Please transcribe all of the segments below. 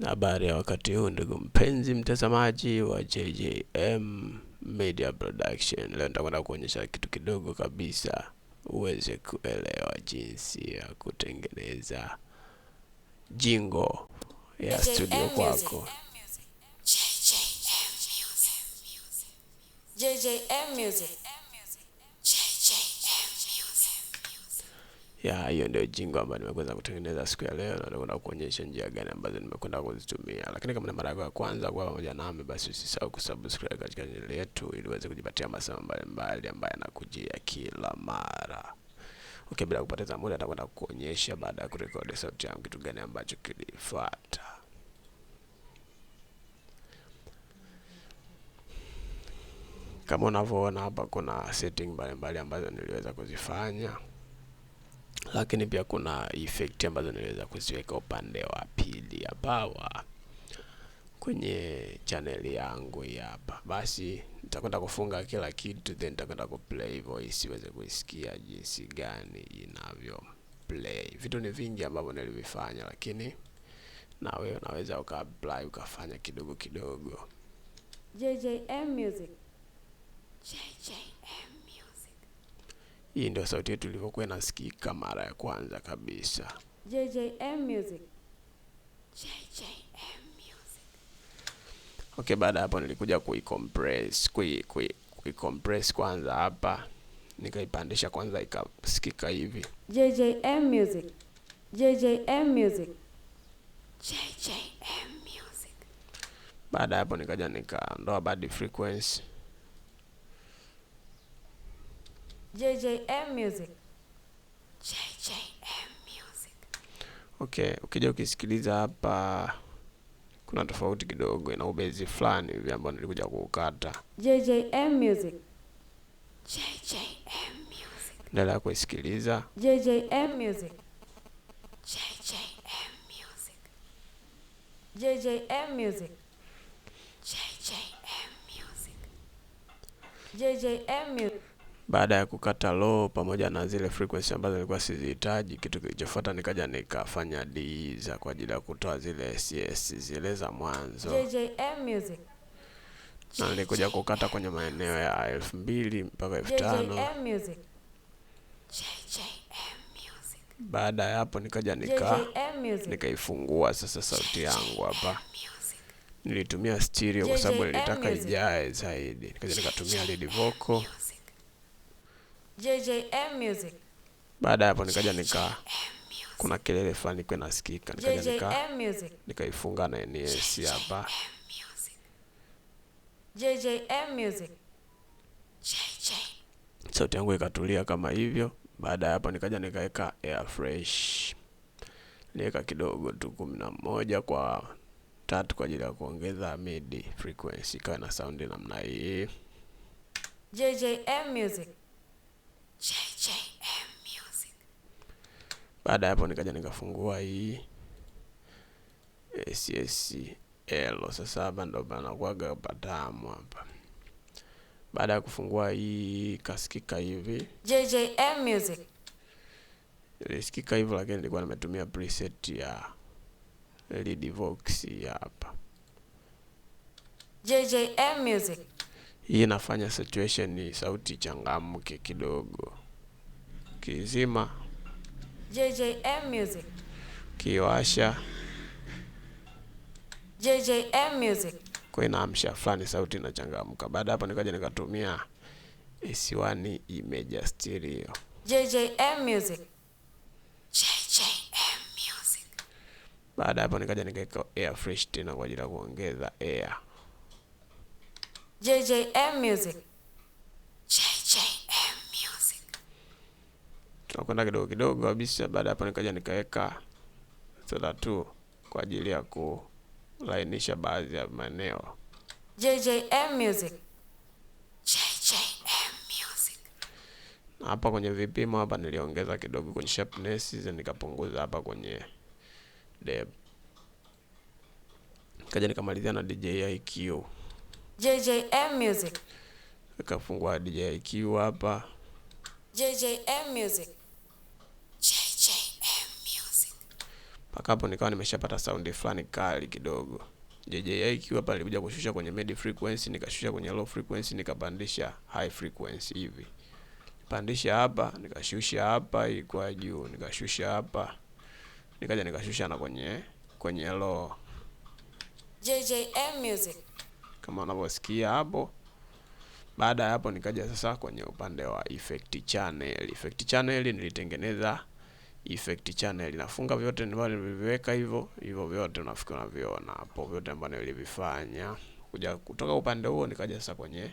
Habari ya wakati huu ndugu mpenzi mtazamaji wa JJM Media Production. Leo nitakwenda kuonyesha kitu kidogo kabisa uweze kuelewa jinsi ya kutengeneza jingo ya studio kwako. JJM Music. JJM Music. ya hiyo ndio jingo ambayo nimekuweza kutengeneza siku ya leo, na nakwenda kuonyesha njia gani ambazo nimekwenda kuzitumia. Lakini kama ni mara yako ya kwanza kuwa pamoja nami, basi usisahau kusubscribe katika channel yetu ili uweze kujipatia masomo mbalimbali ambayo yanakujia kila mara. Okay, bila kupoteza muda nitakwenda kuonyesha baada ya kurekodi sauti yangu kitu gani ambacho kilifuata. Kama unavyoona hapa, kuna setting mbalimbali ambazo niliweza kuzifanya lakini pia kuna effect ambazo niliweza kuziweka upande wa pili hapa kwenye chaneli yangu hii hapa. Basi nitakwenda kufunga kila kitu, then nitakwenda kuplay voice iweze kuisikia jinsi gani inavyo play. Vitu ni vingi ambavyo nilivifanya, lakini na wewe unaweza uka apply ukafanya kidogo kidogo. JJM Music. JJM hii ndio sauti yetu ilivyokuwa inasikika mara ya kwanza kabisa. JJM Music. JJM Music. Okay, baada hapo nilikuja kuicompress, kui, kui, kuicompress kwanza hapa nikaipandisha kwanza ikasikika hivi. JJM Music. JJM Music. JJM Music. Baada hapo nikaja nikaondoa bad frequency JJM Music. JJM Music. Okay, ukija ukisikiliza hapa kuna tofauti kidogo, ina ubezi fulani hivi ambao nilikuja kuukata. JJM Music. JJM Music. Endelea kuisikiliza. JJM Music. JJM Music. JJM Music. JJM Music. JJM Music. Baada ya kukata low pamoja na zile frequency ambazo nilikuwa sizihitaji, kitu kilichofuata nikaja nikafanya D za e kwa ajili ya kutoa zile CS zile za mwanzo. JJM Music na nilikuja kukata kwenye maeneo ya elfu mbili mpaka elfu tano Baada ya hapo nikaja nika nikaifungua sasa sauti yangu hapa, nilitumia stereo kwa sababu nilitaka ijae zaidi, nikaja nikatumia lead vocal JJM Music. Baada ya hapo nikaja nika kuna kelele fulani kwa nasikika, nikaja nika nikaifunga na NS hapa. JJM Music. Sauti yangu ikatulia kama hivyo. Baada ya hapo nikaja nikaweka air fresh, niweka kidogo tu kumi na moja kwa tatu kwa ajili ya kuongeza midi frequency, ikawa na saundi namna hii. JJM Music. JJM Music. Baada ya hapo nikaja nikafungua hii eh, SSL. Sasa hapa ndo panakuwaga patamu hapa. Baada ya kufungua hii kasikika hivi JJM Music ilisikika hivyo, lakini nilikuwa nimetumia preset ya Lead Vox hapa JJM Music. Hii inafanya situation sauti changamke kidogo. Kizima JJM Music, kiwasha JJM Music kwa inaamsha fulani sauti inachangamka. Baada hapo nikaja nikatumia isiwani imeja stereo JJM Music, JJM Music. Baada hapo nikaja nikaweka air fresh tena kwa ajili ya kuongeza air JJM Music. JJM Music. Tunakwenda kidogo kidogo kabisa. Baada hapo nikaja nikaweka soda tu kwa ajili ya kulainisha baadhi ya maeneo. JJM Music. JJM Music. Na hapa kwenye vipimo hapa niliongeza kidogo kwenye sharpness, nikapunguza hapa kwenye depth. Nikaja nikamalizia na DJIQ. JJM Music. Kafungua DJ IQ hapa. JJM Music. JJM Music. Paka hapo nikawa nimeshapata sound fulani kali kidogo. JJIQ hapa nilikuja kushusha kwenye mid frequency, nikashusha kwenye low frequency, nikapandisha high frequency hivi. Pandisha hapa, nikashusha hapa ilikuwa juu, nikashusha hapa. Nikaja nikashusha na kwenye kwenye low. JJM Music kama unavyosikia hapo. Baada ya hapo, nikaja sasa kwenye upande wa effect channel. Effect channel nilitengeneza effect channel, nafunga vyote ambavyo niliviweka hivyo hivyo, vyote unafikiri unaviona hapo, vyote ambavyo nilivifanya. Kuja kutoka upande huo, nikaja sasa kwenye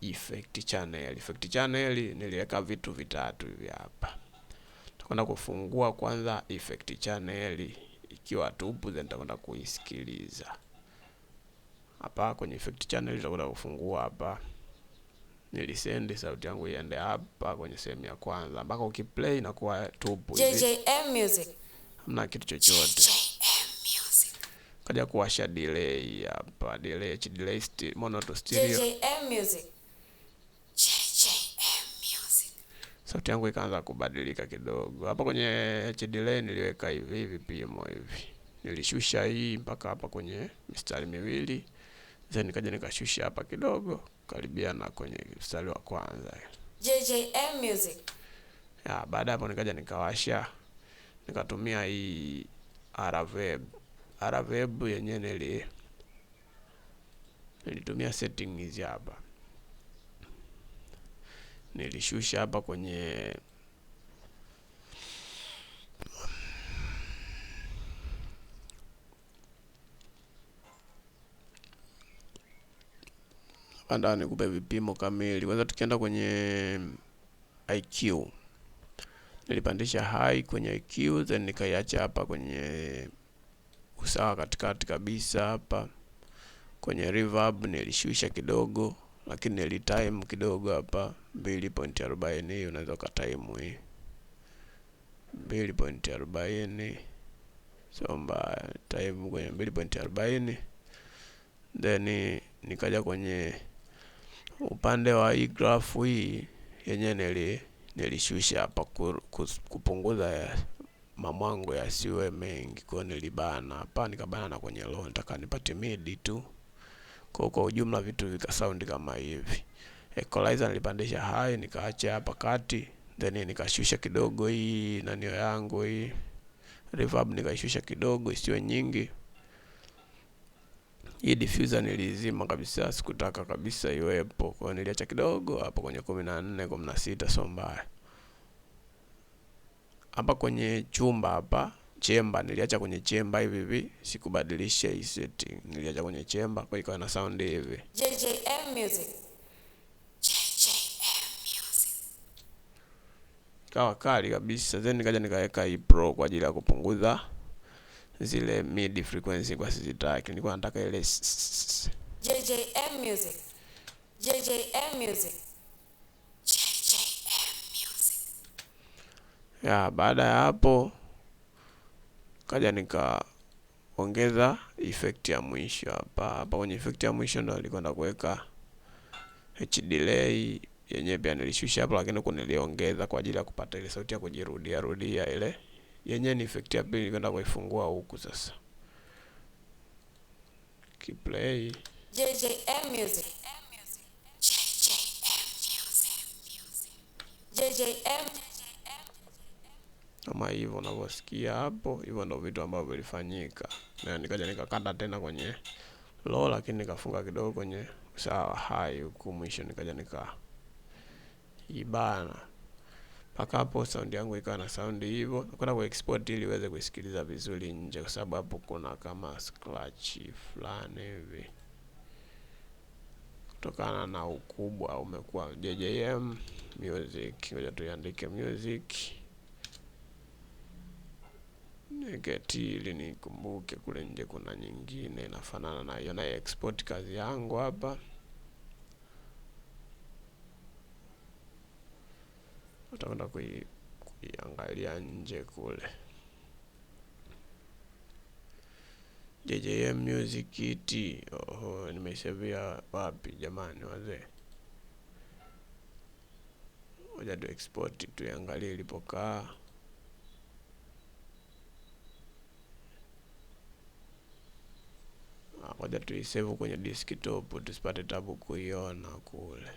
effect channel. Effect channel niliweka vitu vitatu hivi hapa. Tutakwenda kufungua kwanza effect channel ikiwa tupu, then tutakwenda kuisikiliza hapa kwenye effect channel itakuta kufungua hapa, nilisend sauti yangu iende hapa kwenye sehemu ya kwanza mpaka ukiplay inakuwa tupu, JJM music hamna kitu chochote. Kaja kuwasha delay hapa, delay HD delay stereo mono to stereo, JJM music sauti yangu ikaanza kubadilika kidogo hapa kwenye HD delay. Niliweka hivi hivi pimo hivi, nilishusha hii mpaka hapa kwenye mistari miwili then nikaja nikashusha hapa kidogo karibia na kwenye mstari wa kwanza JJM music. Ya, baada hapo nikaja nikawasha nikatumia hii Araveb. Araveb yenye nili nilitumia setting hizi hapa, nilishusha hapa kwenye Anda nikupe vipimo kamili. Kwanza tukienda kwenye IQ, nilipandisha high kwenye IQ then nikaiacha hapa kwenye usawa katikati kabisa hapa kwenye reverb nilishusha kidogo, lakini nilitime kidogo hapa 2.40. Hii unaweza ukataimu hii 2.40, sio mbaya. Time kwenye 2.40 then nikaja kwenye upande wa hii grafu hii yenye nili nilishusha hapa kupunguza mamwango yasiwe mengi, kwa nilibana hapa nikabana na kwenye low, nataka nipate mid tu. Kwa kwa ujumla vitu vikasaundi kama hivi. Equalizer nilipandisha high nikaacha hapa kati, then nikashusha kidogo hii nanio yangu hii reverb nikaishusha kidogo isiwe nyingi. Hii diffuser nilizima kabisa, sikutaka kabisa iwepo, kwa hiyo niliacha kidogo hapo kwenye 14 16, nne sio mbaya. Hapa kwenye chumba hapa chemba, niliacha kwenye chemba hivi hivi, sikubadilisha hii setting, niliacha kwenye chemba kwa ikawa na sound hivi JJM music. Kawa kali kabisa, then nikaja nikaweka hii pro kwa ajili ya kupunguza zile mid frequency kwa sizitaki, nilikuwa nataka ile JJM music, JJM music, JJM music. Ya, baada ya hapo kaja nikaongeza effect ya mwisho hapa hapa. Kwenye effect ya mwisho ndo nilikwenda kuweka H delay yenyewe pia nilishusha hapo, lakini kuniliongeza kwa ajili ya kupata ile sauti ya kujirudia rudia ile yenye ni effect ya pili, kwenda kuifungua huku sasa. Kiplay JJM music kama hivyo unavyosikia hapo, hivyo ndo vitu ambavyo vilifanyika, na nikaja nikakata tena kwenye low, lakini nikafunga kidogo kwenye sawa hai huku mwisho, nikaja nika ibana mpaka hapo saundi yangu ikawa na saundi hivyo, nakwenda kuexport ili iweze kusikiliza vizuri nje, kwa sababu hapo kuna kama scratch fulani hivi kutokana na ukubwa umekuwa JJM music. Ngoja tuiandike music niketi ili nikumbuke, kule nje kuna nyingine inafanana na hiyo, na export kazi yangu hapa. tutakwenda kui, kuiangalia nje kule. JJM Music It. Oho, nimesevia wapi jamani wazee? Ngoja tu export tuiangalie ilipokaa. Ah, ngoja tuisave kwenye desktop tusipate tabu kuiona kule.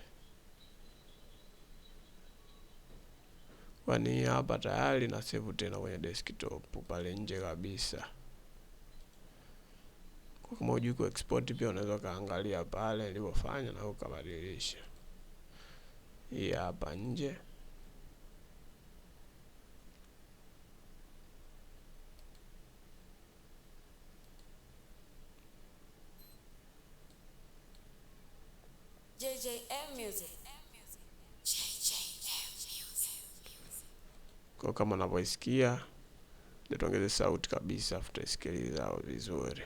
kwani hapa tayari na save tena kwenye desktop pale nje kabisa. Kwa kama hujui ku export pia unaweza kaangalia pale nilivyofanya na ukabadilisha. Hii hapa nje JJM Music. Kwa kama unavyoisikia, tuongeze sauti kabisa, tutaisikiliza vizuri.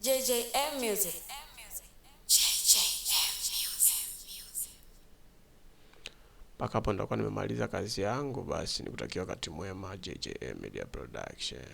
JJM Music. Mpaka hapo nitakuwa nimemaliza kazi yangu, basi nikutakia wakati mwema. JJM Media Production.